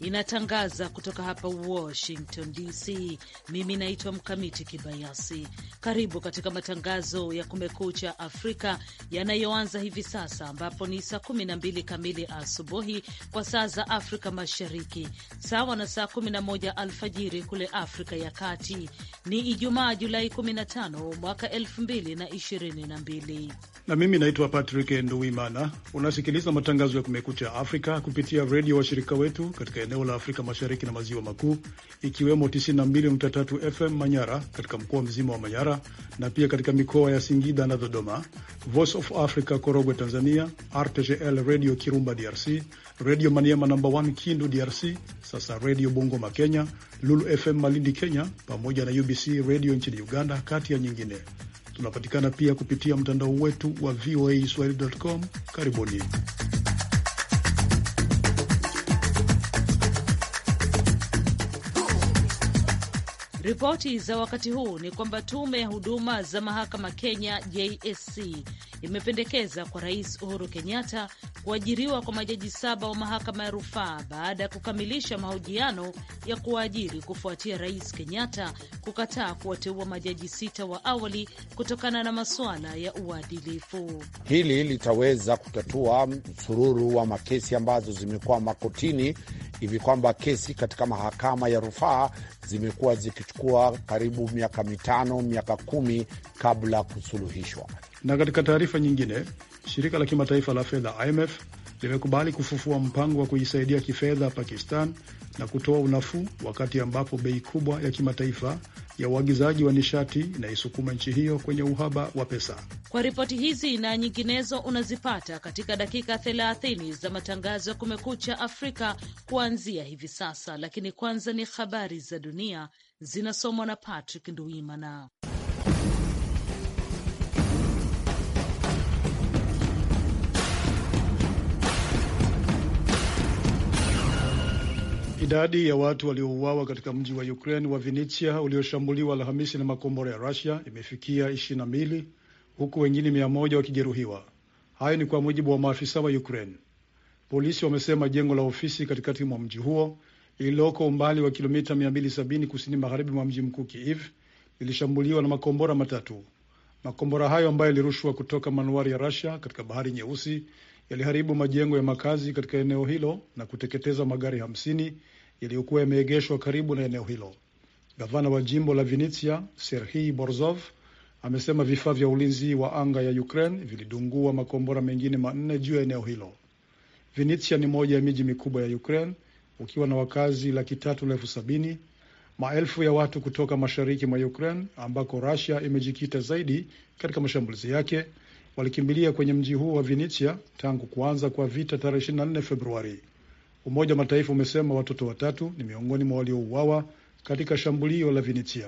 inatangaza kutoka hapa Washington DC. Mimi naitwa Mkamiti Kibayasi. Karibu katika matangazo ya Kumekucha Afrika yanayoanza hivi sasa, ambapo ni saa 12 kamili asubuhi kwa saa za Afrika Mashariki, sawa na saa 11 alfajiri kule Afrika ya Kati. Ni Ijumaa, Julai 15 mwaka 2022 na mimi naitwa Patrick Nduwimana. Unasikiliza matangazo ya Kumekucha Afrika kupitia redio washirika wetu katika eneo la Afrika Mashariki na Maziwa Makuu, ikiwemo 92.3 FM Manyara katika mkoa mzima wa Manyara na pia katika mikoa ya Singida na Dodoma, Voice of Africa Korogwe Tanzania, RTGL Radio Kirumba DRC, Radio Maniema namba 1 Kindu DRC, sasa Radio Bungoma Kenya, Lulu FM Malindi Kenya, pamoja na UBC Radio nchini Uganda, kati ya nyingine. Tunapatikana pia kupitia mtandao wetu wa voa swahili.com. Karibuni. Ripoti za wakati huu ni kwamba tume ya huduma za mahakama Kenya JSC imependekeza kwa Rais Uhuru Kenyatta kuajiriwa kwa majaji saba wa mahakama ya rufaa baada ya kukamilisha mahojiano ya kuwaajiri kufuatia Rais Kenyatta kukataa kuwateua majaji sita wa awali kutokana na masuala ya uadilifu. Hili litaweza kutatua msururu wa makesi ambazo zimekwama kotini hivi kwamba kesi katika mahakama ya rufaa zimekuwa zikichukua karibu miaka mitano, miaka kumi kabla kusuluhishwa. Na katika taarifa nyingine, shirika la kimataifa la fedha IMF limekubali kufufua mpango wa kuisaidia kifedha Pakistan na kutoa unafuu, wakati ambapo bei kubwa ya kimataifa ya uagizaji wa nishati inaisukuma nchi hiyo kwenye uhaba wa pesa. Kwa ripoti hizi na nyinginezo unazipata katika dakika 30 za matangazo ya Kumekucha Afrika kuanzia hivi sasa, lakini kwanza ni habari za dunia zinasomwa na Patrick Nduimana. Idadi ya watu waliouawa katika mji wa Ukraine wa vinitia ulioshambuliwa Alhamisi na makombora ya Rusia imefikia ishirini na mbili huku wengine mia moja wakijeruhiwa. Hayo ni kwa mujibu wa maafisa wa Ukraine. Polisi wamesema jengo la ofisi katikati mwa mji huo lililoko umbali wa kilomita 270 kusini magharibi mwa mji mkuu Kiev lilishambuliwa na makombora matatu. Makombora hayo ambayo yalirushwa kutoka manuari ya rasia katika bahari Nyeusi yaliharibu majengo ya makazi katika eneo hilo na kuteketeza magari hamsini yaliyokuwa yameegeshwa karibu na eneo hilo. Gavana wa jimbo la Vinitsia Serhii Borzov amesema vifaa vya ulinzi wa anga ya Ukraine vilidungua makombora mengine manne juu ya eneo hilo. Vinitsia ni moja ya miji mikubwa ya Ukraine ukiwa na wakazi laki tatu na elfu sabini. Maelfu ya watu kutoka mashariki mwa Ukraine ambako Russia imejikita zaidi katika mashambulizi yake walikimbilia kwenye mji huo wa Vinitsia tangu kuanza kwa vita tarehe 24 Februari. Umoja wa Mataifa umesema watoto watatu ni miongoni mwa waliouawa katika shambulio la Vinitia.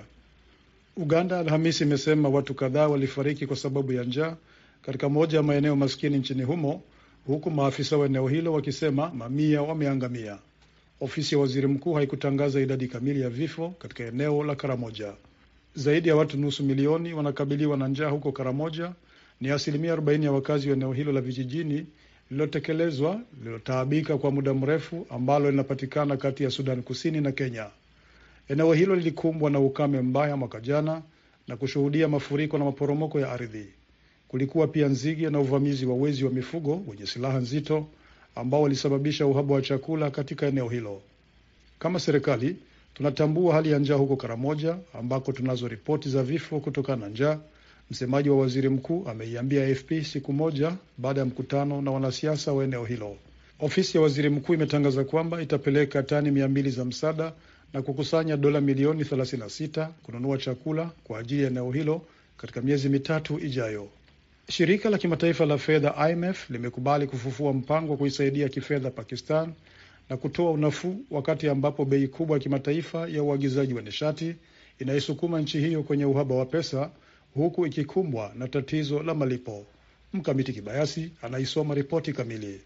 Uganda Alhamisi imesema watu kadhaa walifariki kwa sababu ya njaa katika moja ya maeneo maskini nchini humo, huku maafisa wa eneo hilo wakisema mamia wameangamia. Ofisi ya waziri mkuu haikutangaza idadi kamili ya vifo katika eneo la Karamoja. Zaidi ya watu nusu milioni wanakabiliwa na njaa huko Karamoja, ni asilimia 40 ya wakazi wa eneo hilo la vijijini lililotekelezwa lililotaabika kwa muda mrefu ambalo linapatikana kati ya Sudan Kusini na Kenya. Eneo hilo lilikumbwa na ukame mbaya mwaka jana na kushuhudia mafuriko na maporomoko ya ardhi. Kulikuwa pia nzige na uvamizi wa wezi wa mifugo wenye silaha nzito ambao walisababisha uhaba wa chakula katika eneo hilo. Kama serikali tunatambua hali ya njaa huko Karamoja ambako tunazo ripoti za vifo kutokana na njaa Msemaji wa waziri mkuu ameiambia AFP siku moja baada ya mkutano na wanasiasa wa eneo hilo. Ofisi ya waziri mkuu imetangaza kwamba itapeleka tani mia mbili za msaada na kukusanya dola milioni 36 kununua chakula kwa ajili ya eneo hilo katika miezi mitatu ijayo. Shirika la kimataifa la fedha IMF limekubali kufufua mpango wa kuisaidia kifedha Pakistan na kutoa unafuu wakati ambapo bei kubwa ya kimataifa ya uagizaji wa nishati inaisukuma nchi hiyo kwenye uhaba wa pesa huku ikikumbwa na tatizo la malipo. Mkamiti Kibayasi anaisoma ripoti kamili.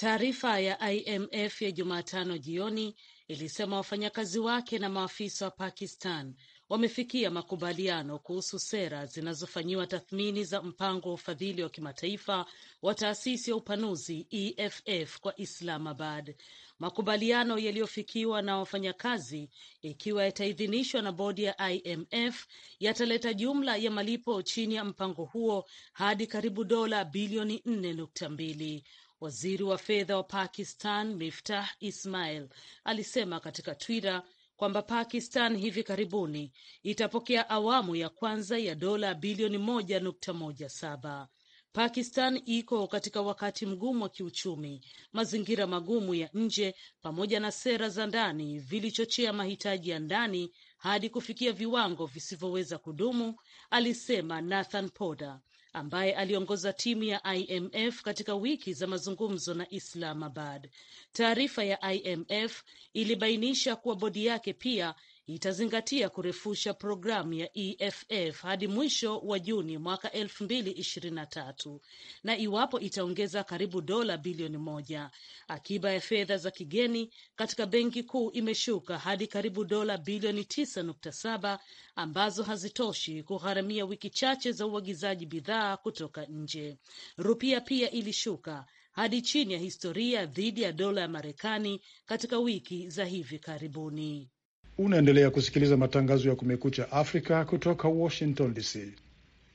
Taarifa ya IMF ya Jumatano jioni ilisema wafanyakazi wake na maafisa wa Pakistan wamefikia makubaliano kuhusu sera zinazofanyiwa tathmini za mpango wa ufadhili wa kimataifa wa taasisi ya upanuzi EFF kwa Islamabad makubaliano yaliyofikiwa na wafanyakazi, ikiwa yataidhinishwa na bodi ya IMF, yataleta jumla ya malipo chini ya mpango huo hadi karibu dola bilioni 4.2. Waziri wa fedha wa Pakistan Miftah Ismail alisema katika Twitter kwamba Pakistan hivi karibuni itapokea awamu ya kwanza ya dola bilioni moja nukta moja saba. Pakistan iko katika wakati mgumu wa kiuchumi. Mazingira magumu ya nje pamoja na sera za ndani vilichochea mahitaji ya ndani hadi kufikia viwango visivyoweza kudumu, alisema Nathan Poda ambaye aliongoza timu ya IMF katika wiki za mazungumzo na Islamabad. Taarifa ya IMF ilibainisha kuwa bodi yake pia itazingatia kurefusha programu ya EFF hadi mwisho wa Juni mwaka elfu mbili ishirini na tatu na iwapo itaongeza karibu dola bilioni moja. Akiba ya fedha za kigeni katika benki kuu imeshuka hadi karibu dola bilioni tisa nukta saba ambazo hazitoshi kugharamia wiki chache za uagizaji bidhaa kutoka nje. Rupia pia ilishuka hadi chini ya historia dhidi ya dola ya Marekani katika wiki za hivi karibuni. Unaendelea kusikiliza matangazo ya Kumekucha Afrika kutoka Washington DC.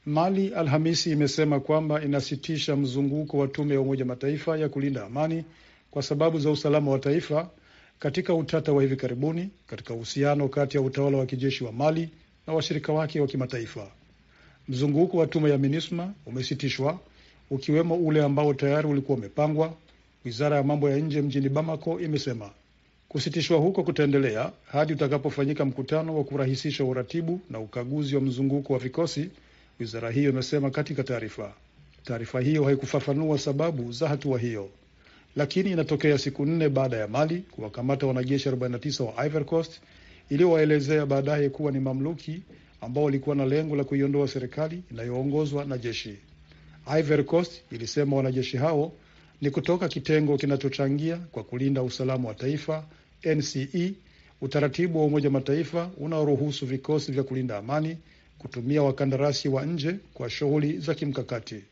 Mali Alhamisi imesema kwamba inasitisha mzunguko wa tume ya Umoja Mataifa ya kulinda amani kwa sababu za usalama wa taifa katika utata wa hivi karibuni katika uhusiano kati ya utawala wa kijeshi wa Mali na washirika wake wa kimataifa. Mzunguko wa tume ya MINUSMA umesitishwa ukiwemo ule ambao tayari ulikuwa umepangwa, wizara ya mambo ya nje mjini Bamako imesema. Kusitishwa huko kutaendelea hadi utakapofanyika mkutano wa kurahisisha uratibu na ukaguzi wa mzunguko wa vikosi, wizara hiyo imesema katika taarifa. Taarifa hiyo haikufafanua sababu za hatua hiyo, lakini inatokea siku nne baada ya Mali kuwakamata wanajeshi 49 wa Ivory Coast iliyowaelezea baadaye kuwa ni mamluki ambao walikuwa na lengo la kuiondoa serikali inayoongozwa na jeshi. Ivory Coast ilisema wanajeshi hao ni kutoka kitengo kinachochangia kwa kulinda usalama wa taifa NCE, utaratibu wa Umoja Mataifa unaoruhusu vikosi vya kulinda amani kutumia wakandarasi wa nje kwa shughuli za kimkakati.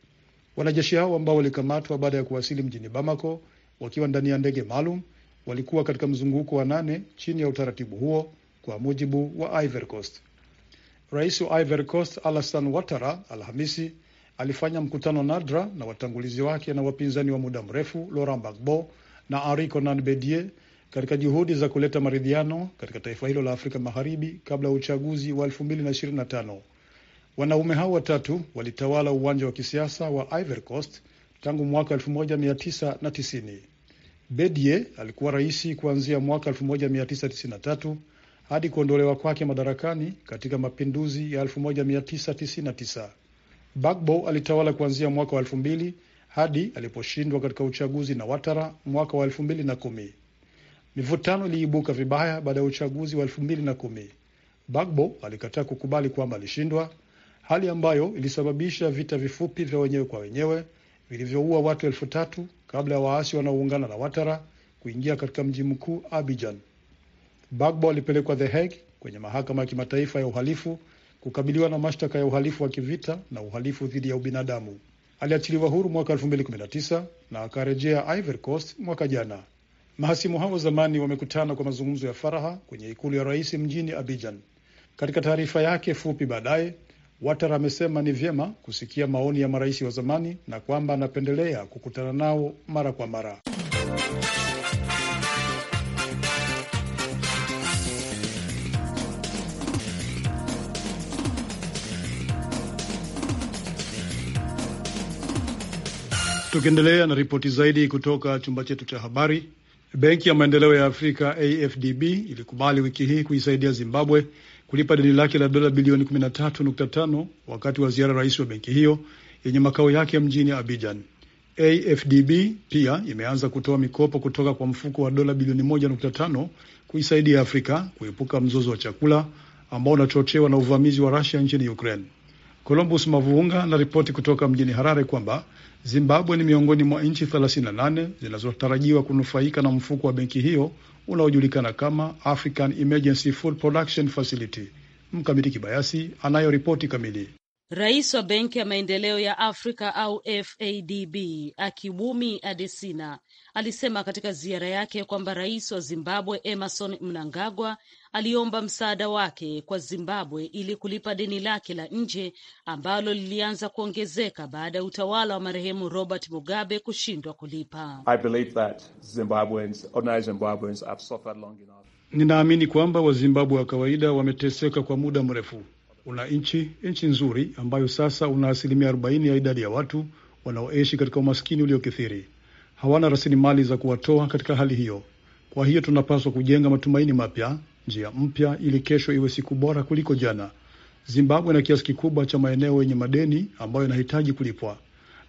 Wanajeshi hao ambao walikamatwa baada ya kuwasili mjini Bamako wakiwa ndani ya ndege maalum walikuwa katika mzunguko wa nane chini ya utaratibu huo, kwa mujibu wa Ivory Coast. Rais wa Ivory Coast Alassane Ouattara Alhamisi alifanya mkutano nadra na watangulizi wake na wapinzani wa muda mrefu Laurent Gbagbo na Henri Konan Bedie katika juhudi za kuleta maridhiano katika taifa hilo la Afrika Magharibi kabla ya uchaguzi wa 2025. Wanaume hao watatu walitawala uwanja wa kisiasa wa Ivory Coast tangu mwaka 1990. Bedie alikuwa raisi kuanzia mwaka 1993 hadi kuondolewa kwake madarakani katika mapinduzi ya 1999. Bagbo alitawala kuanzia mwaka wa 2000 hadi aliposhindwa katika uchaguzi na Watara mwaka wa 2010. Mivutano iliibuka vibaya baada ya uchaguzi wa elfu mbili na kumi. Bagbo alikataa kukubali kwamba alishindwa, hali ambayo ilisababisha vita vifupi vya wenyewe kwa wenyewe vilivyoua watu elfu tatu kabla ya waasi wanaoungana na Watara kuingia katika mji mkuu abijan Bagbo alipelekwa The Hague kwenye mahakama ya kimataifa ya uhalifu kukabiliwa na mashtaka ya uhalifu wa kivita na uhalifu dhidi ya ubinadamu. Aliachiliwa huru mwaka 2019 na akarejea Ivory Coast mwaka jana. Mahasimu hao zamani wamekutana kwa mazungumzo ya faraha kwenye ikulu ya rais mjini Abidjan. Katika taarifa yake fupi baadaye, Watara amesema ni vyema kusikia maoni ya marais wa zamani na kwamba anapendelea kukutana nao mara kwa mara. Tukiendelea na ripoti zaidi kutoka chumba chetu cha habari. Benki ya maendeleo ya Afrika AFDB ilikubali wiki hii kuisaidia Zimbabwe kulipa deni lake la dola bilioni 13.5 wakati wa ziara rais wa benki hiyo yenye makao yake mjini Abidjan. AFDB pia imeanza kutoa mikopo kutoka kwa mfuko wa dola bilioni 1.5 kuisaidia Afrika kuepuka mzozo wa chakula ambao unachochewa na uvamizi wa Russia nchini Ukraine. Columbus Mavunga anaripoti kutoka mjini Harare kwamba Zimbabwe ni miongoni mwa nchi 38 zinazotarajiwa kunufaika na mfuko wa benki hiyo unaojulikana kama African Emergency Food Production Facility. Mkamiti Kibayasi anayo ripoti kamili. Rais wa Benki ya Maendeleo ya Afrika au FADB Akiwumi Adesina alisema katika ziara yake kwamba rais wa Zimbabwe Emerson Mnangagwa aliomba msaada wake kwa Zimbabwe ili kulipa deni lake la nje ambalo lilianza kuongezeka baada ya utawala wa marehemu Robert Mugabe kushindwa kulipa. Ninaamini kwamba Wazimbabwe wa kawaida wameteseka kwa muda mrefu una nchi nchi nzuri ambayo sasa una asilimia 40 ya idadi ya watu wanaoishi katika umaskini uliokithiri. Hawana rasilimali za kuwatoa katika hali hiyo. Kwa hiyo tunapaswa kujenga matumaini mapya, njia mpya, ili kesho iwe siku bora kuliko jana. Zimbabwe na kiasi kikubwa cha maeneo yenye madeni ambayo yanahitaji kulipwa,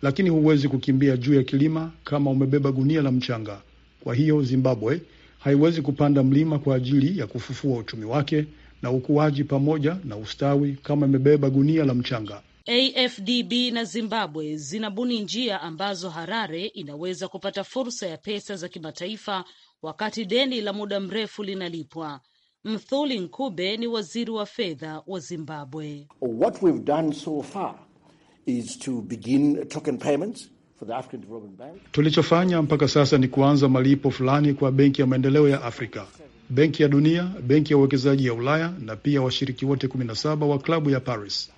lakini huwezi kukimbia juu ya kilima kama umebeba gunia la mchanga. Kwa hiyo Zimbabwe haiwezi kupanda mlima kwa ajili ya kufufua uchumi wake na ukuaji pamoja na ustawi kama imebeba gunia la mchanga. AfDB na Zimbabwe zinabuni njia ambazo Harare inaweza kupata fursa ya pesa za kimataifa wakati deni la muda mrefu linalipwa. Mthuli Nkube ni waziri wa fedha wa Zimbabwe. What we've done so far is to begin token payments for the African Development Bank. Tulichofanya mpaka sasa ni kuanza malipo fulani kwa Benki ya Maendeleo ya Afrika Benki ya Dunia, Benki ya Uwekezaji ya Ulaya na pia washiriki wote 17 wa klabu ya Paris.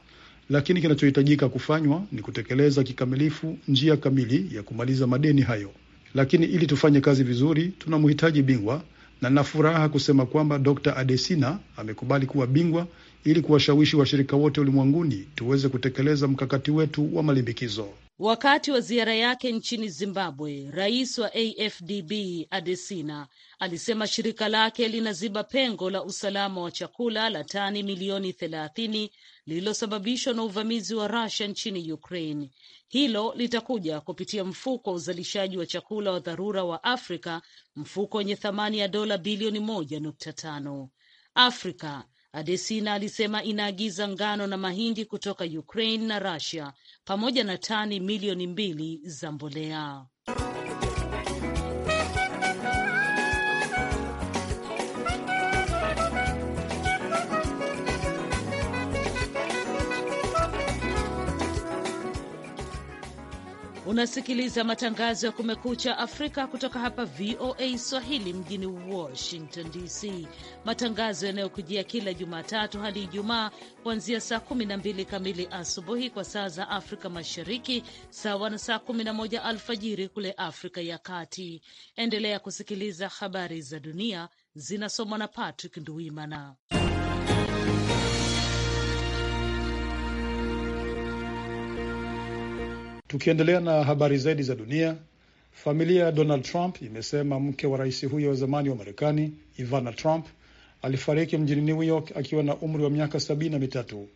Lakini kinachohitajika kufanywa ni kutekeleza kikamilifu njia kamili ya kumaliza madeni hayo. Lakini ili tufanye kazi vizuri, tunamhitaji bingwa, na nafuraha furaha kusema kwamba Dr. Adesina amekubali kuwa bingwa ili kuwashawishi washirika wote ulimwenguni tuweze kutekeleza mkakati wetu wa malimbikizo. Wakati wa ziara yake nchini Zimbabwe, rais wa AfDB Adesina alisema shirika lake linaziba pengo la usalama wa chakula la tani milioni thelathini lililosababishwa na uvamizi wa rusia nchini Ukraine. Hilo litakuja kupitia mfuko wa uzalishaji wa chakula wa dharura wa Afrika, mfuko wenye thamani ya dola bilioni moja nukta tano. Afrika Adesina alisema inaagiza ngano na mahindi kutoka Ukraine na Russia pamoja na tani milioni mbili za mbolea. Unasikiliza matangazo ya Kumekucha Afrika kutoka hapa VOA Swahili mjini Washington DC, matangazo yanayokujia kila Jumatatu hadi Ijumaa kuanzia saa 12 kamili asubuhi kwa saa za Afrika Mashariki, sawa na saa 11 alfajiri kule Afrika ya Kati. Endelea kusikiliza habari za dunia zinasomwa na Patrick Nduimana. Tukiendelea na habari zaidi za dunia, familia ya Donald Trump imesema mke wa rais huyo wa zamani wa Marekani Ivana Trump alifariki mjini New York akiwa na umri wa miaka sabini na mitatu.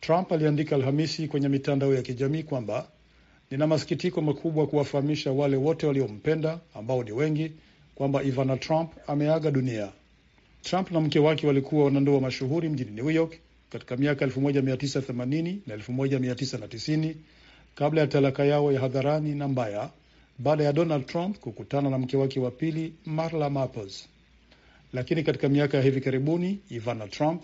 Trump aliandika Alhamisi kwenye mitandao ya kijamii kwamba nina masikitiko makubwa kuwafahamisha wale wote waliompenda ambao ni wengi kwamba Ivana Trump ameaga dunia. Trump na mke wake walikuwa wanandoa mashuhuri mjini New York katika miaka 1980 na 1990 kabla ya talaka yao ya hadharani na mbaya baada ya Donald Trump kukutana na mke wake wa pili Marla Maples. Lakini katika miaka ya hivi karibuni, Ivana Trump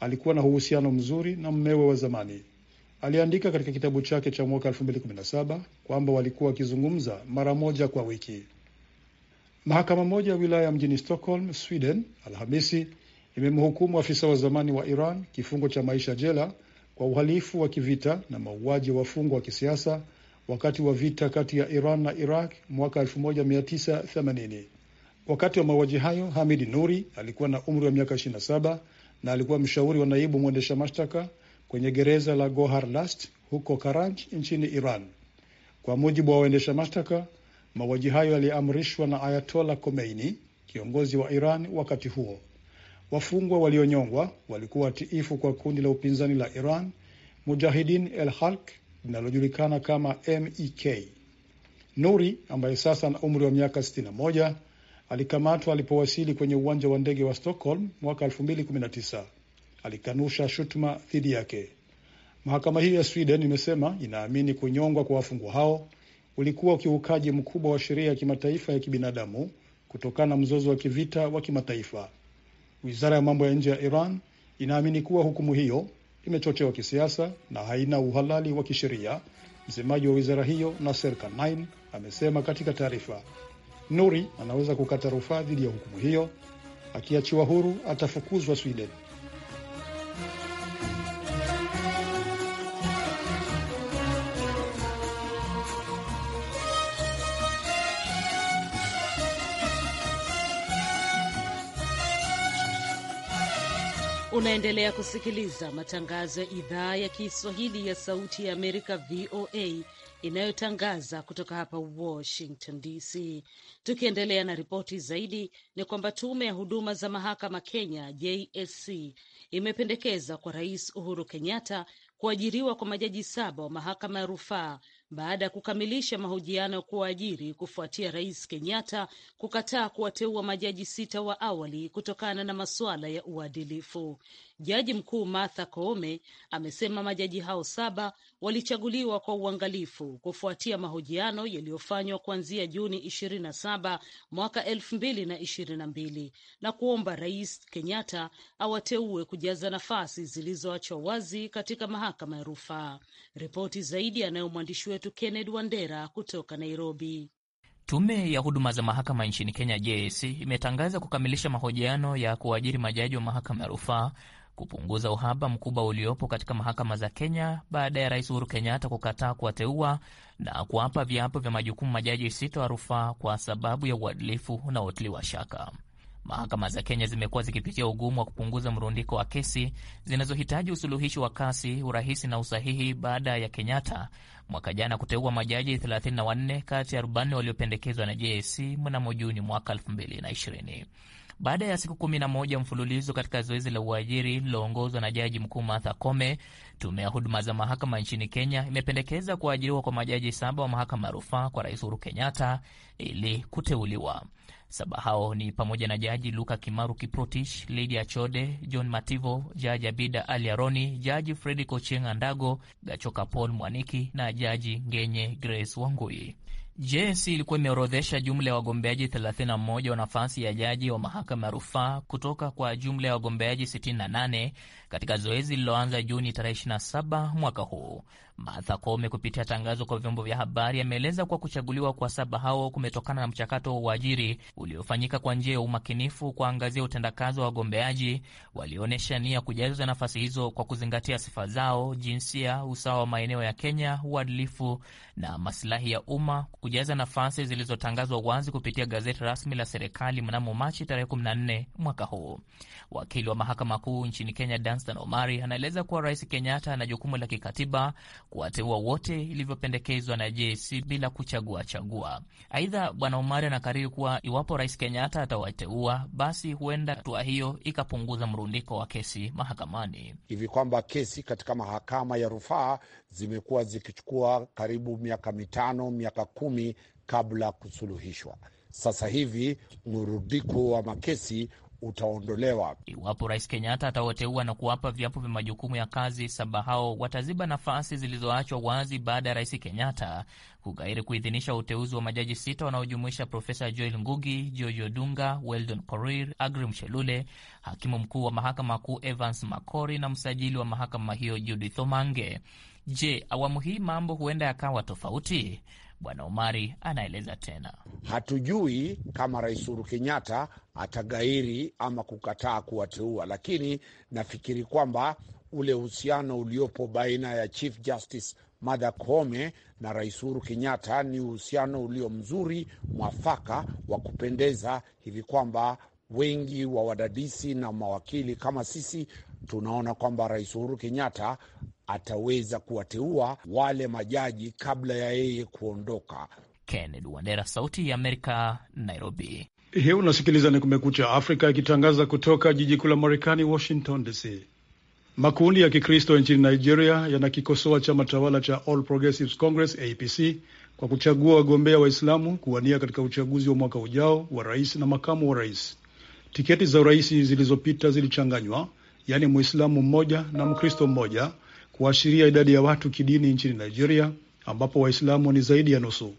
alikuwa na uhusiano mzuri na mmewe wa zamani. Aliandika katika kitabu chake cha mwaka 2017 kwamba walikuwa wakizungumza mara moja kwa wiki. Mahakama moja ya wilaya mjini Stockholm, Sweden, Alhamisi imemhukumu afisa wa zamani wa Iran kifungo cha maisha jela kwa uhalifu wa kivita na mauaji ya wafungwa wa kisiasa wakati wa vita kati ya Iran na Iraq mwaka 1980. Wakati wa mauaji hayo, Hamidi Nuri alikuwa na umri wa miaka 27 na alikuwa mshauri wa naibu mwendesha mashtaka kwenye gereza la Last huko Karaj nchini Iran. Kwa mujibu wa waendesha mashtaka, mauaji hayo yaliamrishwa na Ayatola Khomeini, kiongozi wa Iran wakati huo. Wafungwa walionyongwa walikuwa watiifu kwa kundi la upinzani la Iran Mujahidin el Halk linalojulikana kama MEK. Nuri ambaye sasa ana umri wa miaka 61 alikamatwa alipowasili kwenye uwanja wa ndege wa Stockholm mwaka 2019. Alikanusha shutuma dhidi yake. Mahakama hiyo ya Sweden imesema inaamini kunyongwa kwa wafungwa hao ulikuwa ukiukaji mkubwa wa sheria ya kimataifa ya kibinadamu kutokana na mzozo wa kivita wa kimataifa. Wizara ya mambo ya nje ya Iran inaamini kuwa hukumu hiyo imechochewa kisiasa na haina uhalali wa kisheria. Msemaji wa wizara hiyo Naser kanain amesema katika taarifa. Nuri anaweza kukata rufaa dhidi ya hukumu hiyo. Akiachiwa huru atafukuzwa Sweden. Unaendelea kusikiliza matangazo ya idhaa ya Kiswahili ya Sauti ya Amerika, VOA, inayotangaza kutoka hapa Washington DC. Tukiendelea na ripoti zaidi, ni kwamba tume ya huduma za mahakama Kenya, JSC, imependekeza kwa Rais Uhuru Kenyatta kuajiriwa kwa majaji saba wa mahakama ya rufaa baada ya kukamilisha mahojiano ya kuwaajiri kufuatia Rais Kenyatta kukataa kuwateua majaji sita wa awali kutokana na masuala ya uadilifu. Jaji mkuu Martha Koome amesema majaji hao saba walichaguliwa kwa uangalifu kufuatia mahojiano yaliyofanywa kuanzia Juni 27 mwaka 2022 na kuomba Rais Kenyatta awateue kujaza nafasi zilizoachwa wazi katika mahakama ya rufaa. Ripoti zaidi anayo mwandishi wetu Kenneth Wandera kutoka Nairobi. Tume ya huduma za mahakama nchini Kenya, JSC, imetangaza kukamilisha mahojiano ya kuajiri majaji wa mahakama ya rufaa kupunguza uhaba mkubwa uliopo katika mahakama za Kenya baada ya Rais Uhuru Kenyatta kukataa kuwateua na kuwapa viapo vya majukumu majaji sita wa rufaa kwa sababu ya uadilifu unaotiliwa shaka. Mahakama za Kenya zimekuwa zikipitia ugumu wa kupunguza mrundiko wa kesi zinazohitaji usuluhishi wa kasi, urahisi na usahihi baada ya Kenyatta mwaka jana kuteua majaji 34 kati ya 40 waliopendekezwa na JSC mnamo Juni mwaka 2020 baada ya siku kumi na moja mfululizo katika zoezi la uajiri lililoongozwa na Jaji Mkuu Martha Koome. Tume ya huduma za mahakama nchini Kenya imependekeza kuajiriwa kwa majaji saba wa mahakama ya rufaa kwa Rais Uhuru Kenyatta ili kuteuliwa. Saba hao ni pamoja na Jaji Luka Kimaru Kiprotich, Lydia Achode, John Mativo, Jaji Abida Ali Aroni, Jaji Fredi Ochieng' Andago, Gachoka Paul Mwaniki na Jaji Ngenye Grace Wangui. JSC ilikuwa imeorodhesha jumla ya wagombeaji 31 wa nafasi ya jaji wa mahakama ya rufaa kutoka kwa jumla ya wagombeaji 68 katika zoezi lililoanza Juni tarehe 27 mwaka huu. Martha Koome kupitia tangazo kwa vyombo vya habari ameeleza kuwa kuchaguliwa kwa saba hao kumetokana na mchakato wa uajiri uliofanyika kwa njia ya umakinifu, kuangazia utendakazi wa wagombeaji walioonyesha nia kujaza nafasi hizo kwa kuzingatia sifa zao, jinsia, usawa wa maeneo ya Kenya, uadilifu na masilahi ya umma, kujaza nafasi zilizotangazwa wazi kupitia gazeti rasmi la serikali mnamo Machi tarehe 14 mwaka huu. Wakili wa mahakama kuu nchini Kenya Dan Danstan Omari anaeleza kuwa Rais Kenyatta ana jukumu la kikatiba kuwateua wote ilivyopendekezwa na JC bila kuchagua chagua. Aidha, Bwana Omari anakariri kuwa iwapo Rais Kenyatta atawateua, basi huenda hatua hiyo ikapunguza mrundiko wa kesi mahakamani, hivi kwamba kesi katika mahakama ya rufaa zimekuwa zikichukua karibu miaka mitano, miaka kumi kabla kusuluhishwa. Sasa hivi mrundiko wa makesi utaondolewa. Iwapo Rais Kenyatta atawateua na kuwapa viapo vya majukumu ya kazi, saba hao wataziba nafasi zilizoachwa wazi baada ya Rais Kenyatta kugairi kuidhinisha uteuzi wa majaji sita wanaojumuisha Profesa Joel Ngugi, George Odunga, Weldon Korir, Agri Mshelule, hakimu mkuu wa mahakama kuu Evans Makori na msajili wa mahakama hiyo Judith Omange. Je, awamu hii mambo huenda yakawa tofauti? Bwana Omari anaeleza tena, hatujui kama Rais Uhuru Kenyatta atagairi ama kukataa kuwateua, lakini nafikiri kwamba ule uhusiano uliopo baina ya Chief Justice Martha Koome na Rais Uhuru Kenyatta ni uhusiano ulio mzuri, mwafaka wa kupendeza hivi kwamba wengi wa wadadisi na mawakili kama sisi tunaona kwamba Rais Uhuru Kenyatta ataweza kuwateua wale majaji kabla ya yeye kuondoka. Kennedy Wandera, Sauti ya Amerika, Nairobi. Hii unasikiliza ni Kumekucha Afrika ikitangaza kutoka jiji kuu la Marekani, Washington DC. Makundi ya Kikristo nchini Nigeria yanakikosoa chama tawala cha All Progressives Congress APC kwa kuchagua wagombea Waislamu kuwania katika uchaguzi wa mwaka ujao wa rais na makamu wa rais. Tiketi za urais zilizopita zilichanganywa, yaani Mwislamu mmoja na Mkristo mmoja kuashiria idadi ya watu kidini nchini Nigeria ambapo Waislamu ni zaidi ya nusu.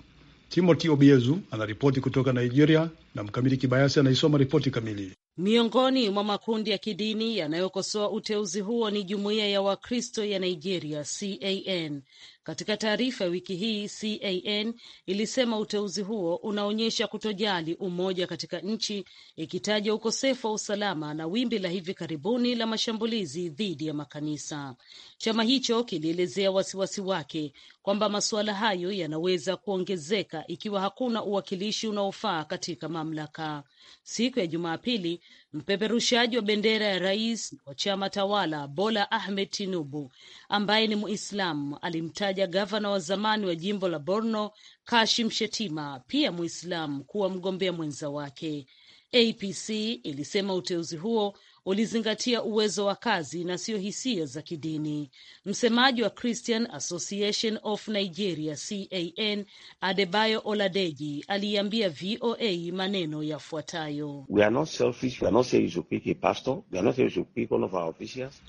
Timothy Obiezu anaripoti kutoka Nigeria na Mkamili Kibayasi anaisoma ripoti kamili. Miongoni mwa makundi ya kidini yanayokosoa uteuzi huo ni jumuiya ya Wakristo ya Nigeria CAN katika taarifa ya wiki hii, CAN ilisema uteuzi huo unaonyesha kutojali umoja katika nchi, ikitaja ukosefu wa usalama na wimbi la hivi karibuni la mashambulizi dhidi ya makanisa. Chama hicho kilielezea wasiwasi wake kwamba masuala hayo yanaweza kuongezeka ikiwa hakuna uwakilishi unaofaa katika mamlaka. Siku ya Jumapili, mpeperushaji wa bendera ya rais wa chama tawala Bola Ahmed Tinubu ambaye ni Muislamu alimtaja kumtaja gavana wa zamani wa jimbo la Borno Kashim Shetima, pia Mwislamu, kuwa mgombea mwenza wake. APC ilisema uteuzi huo ulizingatia uwezo wa kazi na sio hisia za kidini. Msemaji wa Christian Association of Nigeria CAN Adebayo Oladeji aliiambia VOA maneno yafuatayo: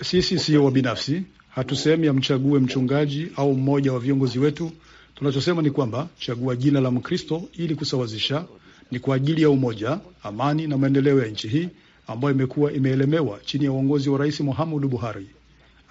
sisi siyo wabinafsi Hatusemi amchague mchungaji au mmoja wa viongozi wetu. Tunachosema ni kwamba chagua jina la Mkristo ili kusawazisha. Ni kwa ajili ya umoja, amani na maendeleo ya nchi hii ambayo imekuwa imeelemewa chini ya uongozi wa Rais Muhammadu Buhari.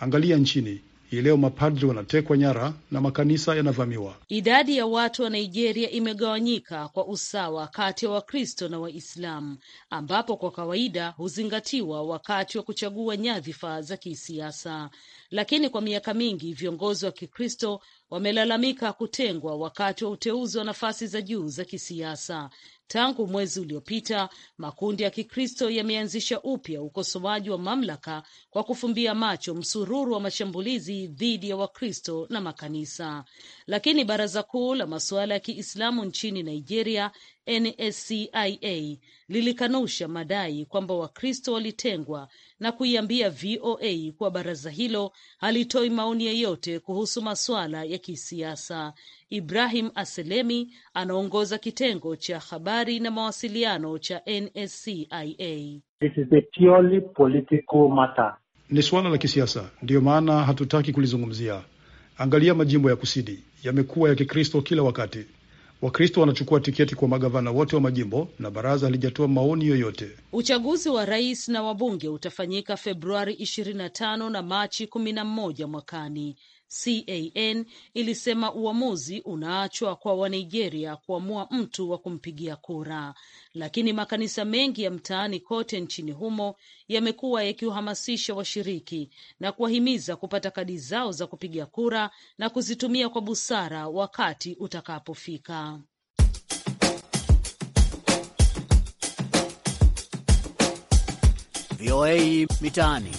Angalia nchini hii leo, mapadri wanatekwa nyara na makanisa yanavamiwa. Idadi ya watu wa Nigeria imegawanyika kwa usawa kati ya Wakristo na Waislamu, ambapo kwa kawaida huzingatiwa wakati wa kuchagua nyadhifa za kisiasa lakini kwa miaka mingi viongozi wa Kikristo wamelalamika kutengwa wakati wa uteuzi wa nafasi za juu za kisiasa. Tangu mwezi uliopita, makundi ya Kikristo yameanzisha upya ukosoaji wa mamlaka kwa kufumbia macho msururu wa mashambulizi dhidi ya Wakristo na makanisa. Lakini baraza kuu la masuala ya Kiislamu nchini Nigeria NSCIA lilikanusha madai kwamba Wakristo walitengwa na kuiambia VOA kuwa baraza hilo halitoi maoni yeyote kuhusu masuala ya kisiasa. Ibrahim Aselemi anaongoza kitengo cha habari na mawasiliano cha NSCIA. is a purely political matter. Ni suala la kisiasa, ndiyo maana hatutaki kulizungumzia. Angalia majimbo ya kusini yamekuwa ya Kikristo kila wakati Wakristo wanachukua tiketi kwa magavana wote wa majimbo na baraza halijatoa maoni yoyote. Uchaguzi wa rais na wabunge utafanyika Februari 25 na Machi 11 mwakani. CAN ilisema uamuzi unaachwa kwa Wanigeria kuamua mtu wa kumpigia kura, lakini makanisa mengi ya mtaani kote nchini humo yamekuwa yakiwahamasisha washiriki na kuwahimiza kupata kadi zao za kupiga kura na kuzitumia kwa busara wakati utakapofika. VOA Mitaani.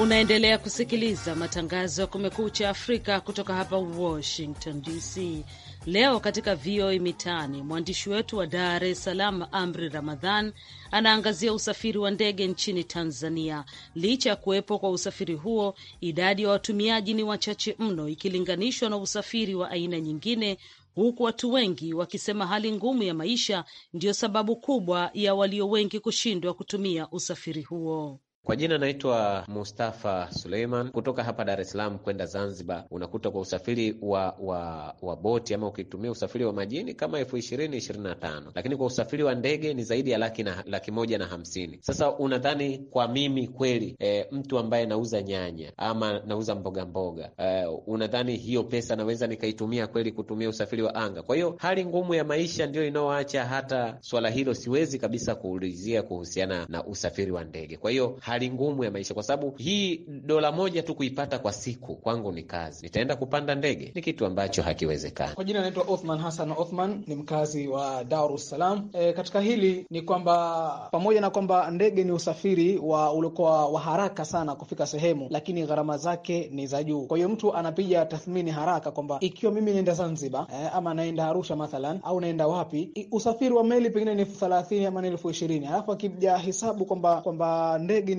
Unaendelea kusikiliza matangazo ya Kumekucha Afrika kutoka hapa Washington DC. Leo katika VOA Mitaani, mwandishi wetu wa Dar es Salaam, Amri Ramadhan, anaangazia usafiri wa ndege nchini Tanzania. Licha ya kuwepo kwa usafiri huo, idadi ya wa watumiaji ni wachache mno ikilinganishwa na usafiri wa aina nyingine, huku watu wengi wakisema hali ngumu ya maisha ndiyo sababu kubwa ya walio wengi kushindwa kutumia usafiri huo. Kwa jina naitwa Mustafa Suleiman kutoka hapa Dar es Salaam kwenda Zanzibar, unakuta kwa usafiri wa wa wa boti ama ukitumia usafiri wa majini kama elfu ishirini ishirini na tano lakini kwa usafiri wa ndege ni zaidi ya laki na laki moja na hamsini. Sasa unadhani kwa mimi kweli, e, mtu ambaye nauza nyanya ama nauza mboga mboga, e, unadhani hiyo pesa naweza nikaitumia kweli kutumia usafiri wa anga? Kwa hiyo hali ngumu ya maisha ndiyo inayoacha hata swala hilo siwezi kabisa kuulizia kuhusiana na usafiri wa ndege, kwa hiyo hali ngumu ya maisha, kwa sababu hii dola moja tu kuipata kwa siku kwangu ni kazi. Nitaenda kupanda ndege, ni kitu ambacho hakiwezekani. Kwa jina anaitwa Othman Hassan Othman, ni mkazi wa Darussalam. E, katika hili ni kwamba pamoja na kwamba ndege ni usafiri wa uliokuwa wa haraka sana kufika sehemu, lakini gharama zake ni za juu. Kwa hiyo mtu anapiga tathmini haraka kwamba ikiwa mimi naenda Zanzibar e, ama naenda Arusha mathalan au naenda wapi, usafiri wa meli pengine ni elfu thelathini ama ni elfu ishirini alafu akija hesabu kwamba kwamba ndege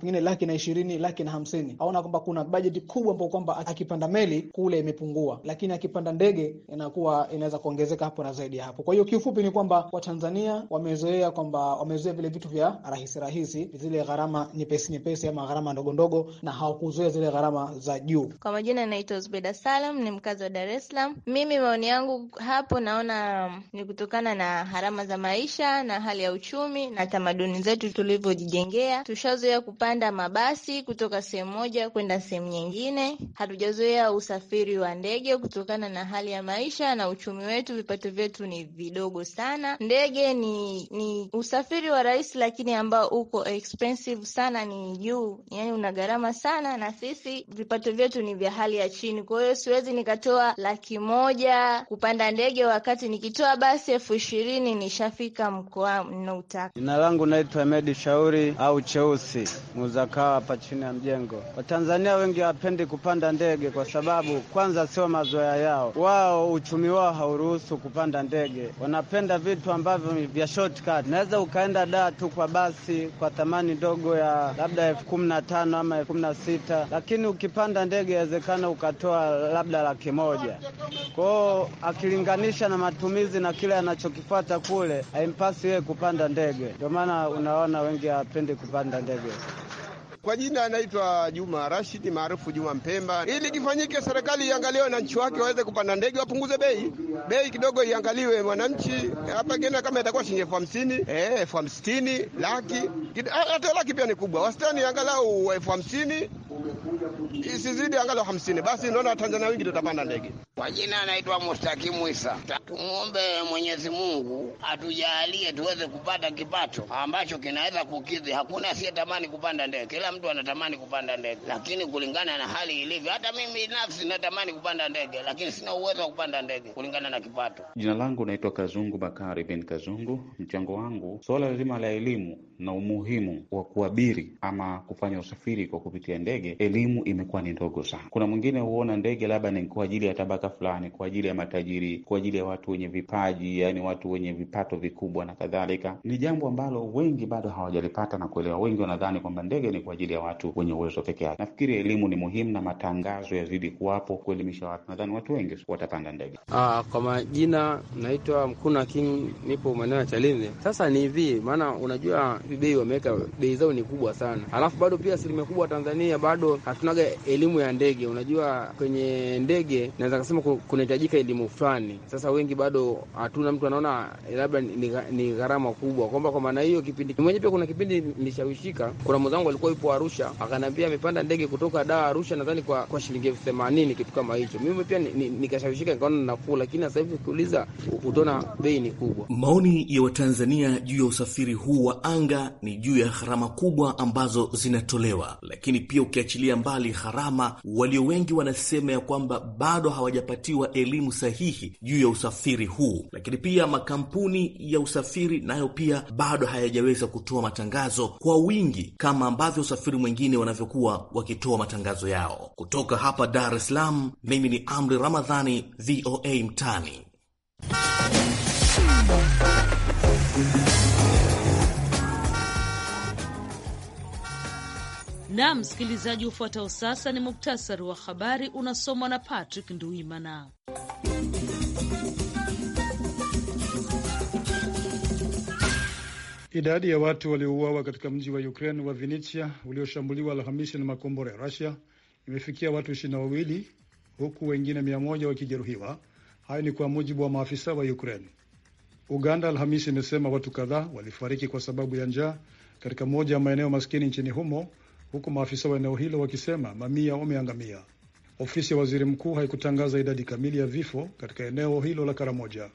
pengine laki na ishirini, laki na hamsini. Aona kwamba kuna bajeti kubwa ambao kwamba akipanda meli kule imepungua, lakini akipanda ndege inakuwa inaweza kuongezeka hapo na zaidi ya hapo. Kwa hiyo kiufupi ni kwamba Watanzania wamezoea kwamba wamezoea vile vitu vya rahisi rahisi, zile gharama nyepesi nyepesi ama gharama ndogo ndogo, na hawakuzoea zile gharama za juu. Kwa majina naitwa Zubeda Salam, ni mkazi wa Dar es Salaam. Mimi maoni yangu hapo naona ni kutokana na gharama za maisha na hali ya uchumi na tamaduni zetu tulivyojijengea tushaz hatujazoea kupanda mabasi kutoka sehemu moja kwenda sehemu nyingine, hatujazoea usafiri wa ndege kutokana na hali ya maisha na uchumi wetu, vipato vyetu ni vidogo sana. Ndege ni ni usafiri wa rahisi, lakini ambao uko expensive sana, ni juu, yani una gharama sana, na sisi vipato vyetu ni vya hali ya chini. Kwa hiyo siwezi nikatoa laki moja kupanda ndege, wakati nikitoa basi elfu ishirini nishafika mkoa mnautaka. Jina langu naitwa Medi Shauri au Cheusi basi Muzakawa hapa chini ya mjengo. Watanzania wengi hawapendi kupanda ndege kwa sababu kwanza sio mazoea yao, wao uchumi wao hauruhusu kupanda ndege. Wanapenda vitu ambavyo vya shortcut. Naweza ukaenda daa tu kwa basi kwa thamani ndogo ya labda elfu kumi na tano ama elfu kumi na sita lakini ukipanda ndege yawezekana ukatoa labda laki moja kwao, akilinganisha na matumizi na kile anachokifuata kule, haimpasi yeye kupanda ndege. Ndio maana unaona wengi hawapendi kupanda ndege. Gracias. Kwa jina anaitwa Juma Rashidi maarufu Juma Mpemba. Ili kifanyike, serikali iangalie wananchi wake waweze kupanda ndege, wapunguze bei, bei kidogo iangaliwe mwananchi hapa Kenya, kama itakuwa shilingi elfu hamsini eh, elfu hamsini laki, ah, hata laki pia ni kubwa, wastani angalau elfu hamsini isizidi angalau hamsini. Basi naona Tanzania wengi tutapanda ndege. Kwa jina anaitwa Mustakimu Isa. Tumwombe Mwenyezi Mungu atujalie tuweze kupata kipato ambacho kinaweza kukidhi. Hakuna asiyetamani kupanda ndege, kila mtu anatamani kupanda ndege, lakini kulingana na hali ilivyo, hata mimi binafsi natamani kupanda ndege, lakini sina uwezo wa kupanda ndege kulingana na kipato. Jina langu naitwa Kazungu Bakari bin Kazungu. Mchango wangu suala zima la elimu na umuhimu wa kuabiri ama kufanya usafiri kwa kupitia ndege, elimu imekuwa ni ndogo sana. Kuna mwingine huona ndege labda ni kwa ajili ya tabaka fulani, kwa ajili ya matajiri, kwa ajili ya watu wenye vipaji, yaani watu wenye vipato vikubwa na kadhalika. Ni jambo ambalo wengi bado hawajalipata na kuelewa. Wengi wanadhani kwamba ndege ni kwa ajili ya watu wenye uwezo peke yake. Nafikiri elimu ni muhimu na matangazo yazidi kuwapo kuelimisha watu, nadhani watu wengi watapanda ndege. Aa, ah, kwa majina naitwa Mkuna King, nipo maeneo ya Chalinze. Sasa ni hivi, maana unajua vipi bei wameweka bei zao ni kubwa sana. Alafu bado pia asilimia kubwa Tanzania bado hatunaga elimu ya ndege. Unajua, kwenye ndege naweza kusema kunahitajika elimu fulani. Sasa wengi bado hatuna, mtu anaona eh, labda ni, ni gharama kubwa, kwamba kwa maana hiyo kipindi mwenyewe pia kuna kipindi nilishawishika. Kuna mwenzangu alikuwa yupo Arusha, akaniambia amepanda ndege kutoka Dar Arusha, nadhani kwa, kwa shilingi elfu themanini kitu kama hicho. Mimi pia nikashawishika ni, ni nikaona nafuu, lakini sasa hivi ukiuliza utaona bei ni kubwa. Maoni ya Watanzania juu ya usafiri huu wa anga ni juu ya gharama kubwa ambazo zinatolewa, lakini pia ukiachilia mbali gharama, walio wengi wanasema ya kwamba bado hawajapatiwa elimu sahihi juu ya usafiri huu, lakini pia makampuni ya usafiri nayo pia bado hayajaweza kutoa matangazo kwa wingi kama ambavyo usafiri mwingine wanavyokuwa wakitoa matangazo yao. Kutoka hapa Dar es Salaam, mimi ni Amri Ramadhani, VOA Mtani. Na msikilizaji, ufuatao sasa ni muktasari wa habari unasomwa na Patrick Nduimana. Idadi ya watu waliouawa katika mji wa Ukraine wa Vinitia ulioshambuliwa Alhamisi na makombora ya Rusia imefikia watu ishirini na wawili huku wengine mia moja wakijeruhiwa. Hayo ni kwa mujibu wa maafisa wa Ukraine. Uganda Alhamisi imesema watu kadhaa walifariki kwa sababu ya njaa katika moja ya maeneo maskini nchini humo huku maafisa wa eneo hilo wakisema mamia wameangamia. Ofisi ya waziri mkuu haikutangaza idadi kamili ya vifo katika eneo hilo la Karamoja.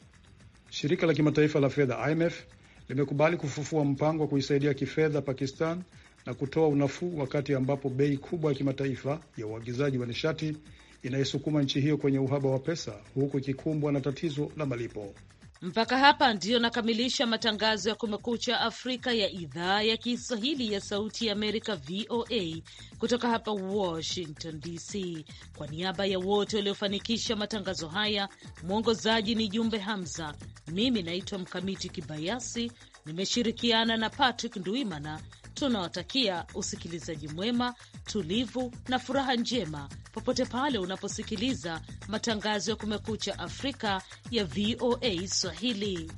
Shirika la kimataifa la fedha IMF limekubali kufufua mpango wa kuisaidia kifedha Pakistan na kutoa unafuu wakati ambapo bei kubwa ya kimataifa ya uagizaji wa nishati inayesukuma nchi hiyo kwenye uhaba wa pesa huku ikikumbwa na tatizo la malipo. Mpaka hapa ndiyo nakamilisha matangazo ya Kumekucha Afrika ya idhaa ya Kiswahili ya Sauti ya Amerika, VOA, kutoka hapa Washington DC. Kwa niaba ya wote waliofanikisha matangazo haya, mwongozaji ni Jumbe Hamza, mimi naitwa Mkamiti Kibayasi. Nimeshirikiana na Patrick nduimana Tunawatakia usikilizaji mwema, tulivu na furaha njema popote pale unaposikiliza matangazo ya Kumekucha Afrika ya VOA Swahili.